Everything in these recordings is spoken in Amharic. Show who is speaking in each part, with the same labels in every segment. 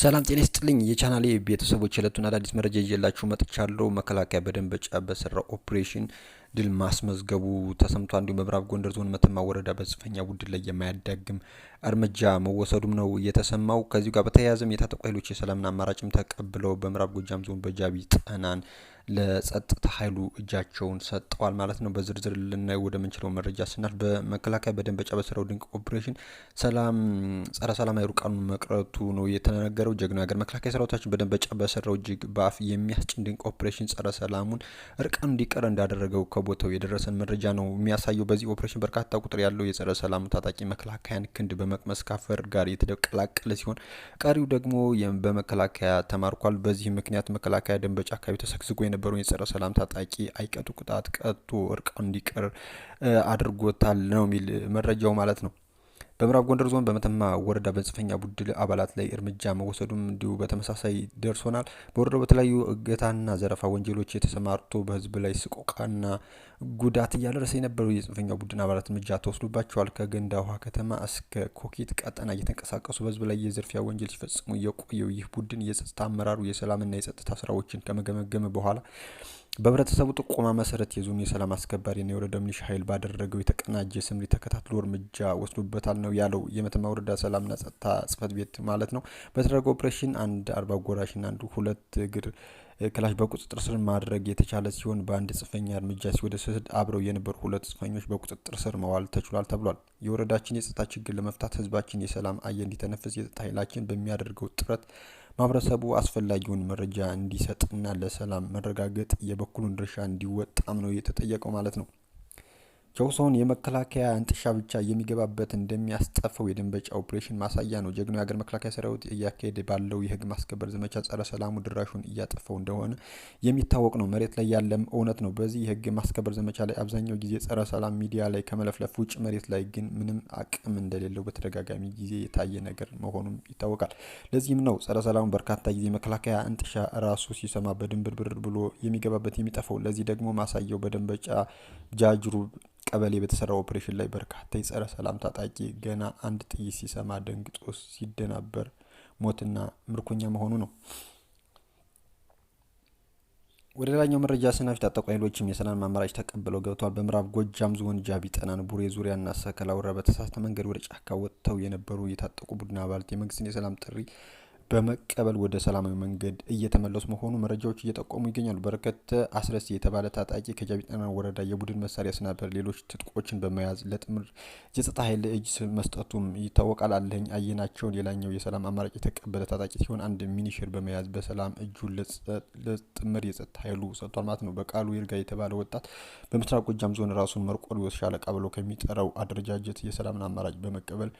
Speaker 1: ሰላም ጤና ይስጥልኝ የቻናሌ ቤተሰቦች፣ የዕለቱን አዳዲስ መረጃ ይዤላችሁ መጥቻለሁ። መከላከያ በደንበጫ በሰራው ኦፕሬሽን ድል ማስመዝገቡ ተሰምቷ እንዲሁም ምዕራብ ጎንደር ዞን መተማ ወረዳ በጽንፈኛ ቡድን ላይ የማያዳግም እርምጃ መወሰዱም ነው እየተሰማው ከዚሁ ጋር በተያያዘም የታጠቁ ኃይሎች የሰላምና አማራጭም ተቀብለው በምዕራብ ጎጃም ዞን በጃቢ ጠናን ለጸጥታ ኃይሉ እጃቸውን ሰጠዋል ማለት ነው። በዝርዝር ልናየው ወደ ምንችለው መረጃ ስናልፍ በመከላከያ በደንበጫ በሰራው ድንቅ ኦፕሬሽን ሰላም ጸረ ሰላም ኃይሉ ቃኑን መቅረቱ ነው የተነገረው። ጀግና ሀገር መከላከያ ሰራዊታችን በደንበጫ በሰራው እጅግ በአፍ የሚያስጭን ድንቅ ኦፕሬሽን ጸረ ሰላሙን እርቃኑ እንዲቀር እንዳደረገው ከቦታው የደረሰን መረጃ ነው የሚያሳየው። በዚህ ኦፕሬሽን በርካታ ቁጥር ያለው የጸረ ሰላም ታጣቂ መከላከያን ክንድ በመቅመስ ካፈር ጋር የተቀላቀለ ሲሆን ቀሪው ደግሞ በመከላከያ ተማርኳል። በዚህ ምክንያት መከላከያ ደንበጫ አካባቢ ተሰግስጎ የነበረውን የጸረ ሰላም ታጣቂ አይቀጡ ቅጣት ቀጡ እርቃ እንዲቀር አድርጎታል ነው የሚል መረጃው ማለት ነው። በምዕራብ ጎንደር ዞን በመተማ ወረዳ በጽንፈኛ ቡድን አባላት ላይ እርምጃ መወሰዱም እንዲሁ በተመሳሳይ ደርሶናል። በወረዳው በተለያዩ እገታና ዘረፋ ወንጀሎች የተሰማርቶ በህዝብ ላይ ስቆቃና ጉዳት እያደረሰ የነበሩ የጽንፈኛው ቡድን አባላት እርምጃ ተወስዶባቸዋል። ከገንዳ ውሃ ከተማ እስከ ኮኬት ቀጠና እየተንቀሳቀሱ በህዝብ ላይ የዝርፊያ ወንጀል ሲፈጽሙ የቆየው ይህ ቡድን የጸጥታ አመራሩ የሰላምና የጸጥታ ስራዎችን ከመገመገመ በኋላ በህብረተሰቡ ጥቆማ መሰረት የዞኑ የሰላም አስከባሪና የወረዳ ሚሊሻ ኃይል ባደረገው የተቀናጀ ስምሪ ተከታትሎ እርምጃ ወስዶበታል ነው ያለው የመተማ ወረዳ ሰላምና ጸጥታ ጽህፈት ቤት ማለት ነው። በተደረገ ኦፕሬሽን አንድ አርባ ጎራሽና አንዱ ሁለት እግር ክላሽ በቁጥጥር ስር ማድረግ የተቻለ ሲሆን በአንድ ጽንፈኛ እርምጃ ሲወሰድ አብረው የነበሩ ሁለት ጽንፈኞች በቁጥጥር ስር መዋል ተችሏል ተብሏል። የወረዳችን የጸጥታ ችግር ለመፍታት ህዝባችን የሰላም አየር እንዲተነፍስ የጸጥታ ኃይላችን በሚያደርገው ጥረት ማህበረሰቡ አስፈላጊውን መረጃ እንዲሰጥና ለሰላም መረጋገጥ የበኩሉን ድርሻ እንዲወጣም ነው የተጠየቀው ማለት ነው። ጆሶን የመከላከያ እንጥሻ ብቻ የሚገባበት እንደሚያስጠፈው የደንበጫ ኦፕሬሽን ማሳያ ነው። ጀግኖ የሀገር መከላከያ ሰራዊት እያካሄደ ባለው የህግ ማስከበር ዘመቻ ጸረ ሰላሙ ድራሹን እያጠፈው እንደሆነ የሚታወቅ ነው። መሬት ላይ ያለም እውነት ነው። በዚህ የህግ ማስከበር ዘመቻ ላይ አብዛኛው ጊዜ ጸረ ሰላም ሚዲያ ላይ ከመለፍለፍ ውጭ መሬት ላይ ግን ምንም አቅም እንደሌለው በተደጋጋሚ ጊዜ የታየ ነገር መሆኑም ይታወቃል። ለዚህም ነው ጸረ ሰላሙ በርካታ ጊዜ መከላከያ እንጥሻ ራሱ ሲሰማ በድንብርብር ብሎ የሚገባበት የሚጠፈው። ለዚህ ደግሞ ማሳያው በደንበጫ ጃጅሩ ቀበሌ በተሰራው ኦፕሬሽን ላይ በርካታ የጸረ ሰላም ታጣቂ ገና አንድ ጥይት ሲሰማ ደንግጦ ሲደናበር ሞትና ምርኮኛ መሆኑ ነው። ወደ ሌላኛው መረጃ ስናፊ ታጠቁ ኃይሎችም የሰላም አማራጭ ተቀብለው ገብተዋል። በምዕራብ ጎጃም ዞን ጃቢ ጠናን፣ ቡሬ ዙሪያና ሰከላ ወረዳ በተሳሳተ መንገድ ወደ ጫካ ወጥተው የነበሩ የታጠቁ ቡድን አባላት የመንግስትን የሰላም ጥሪ በመቀበል ወደ ሰላማዊ መንገድ እየተመለሱ መሆኑ መረጃዎች እየጠቆሙ ይገኛሉ። በረከት አስረስ የተባለ ታጣቂ ከጃቢጠና ወረዳ የቡድን መሳሪያ ስናበር፣ ሌሎች ትጥቆችን በመያዝ ለጥምር የጸጥታ ኃይል እጅ መስጠቱም ይታወቃል። አለኝ አየናቸውን ሌላኛው የሰላም አማራጭ የተቀበለ ታጣቂ ሲሆን አንድ ሚኒሽር በመያዝ በሰላም እጁ ለጥምር የጸጥታ ኃይሉ ሰጥቷል ማለት ነው። በቃሉ ይርጋ የተባለ ወጣት በምስራቅ ጎጃም ዞን ራሱን መርቆሪዎስ ሻለቃ ብሎ ከሚጠራው አደረጃጀት የሰላምን አማራጭ በመቀበል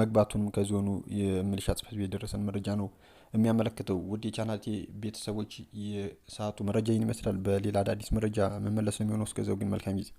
Speaker 1: መግባቱንም ከዞኑ የሚሊሻ ጽሕፈት ቤት የደረሰን መረጃ ነው የሚያመለክተው። ውድ የቻናቴ ቤተሰቦች የሰዓቱ መረጃ ይህን ይመስላል። በሌላ አዳዲስ መረጃ መመለስ ነው የሚሆነው። እስከዚያው ግን መልካም ጊዜ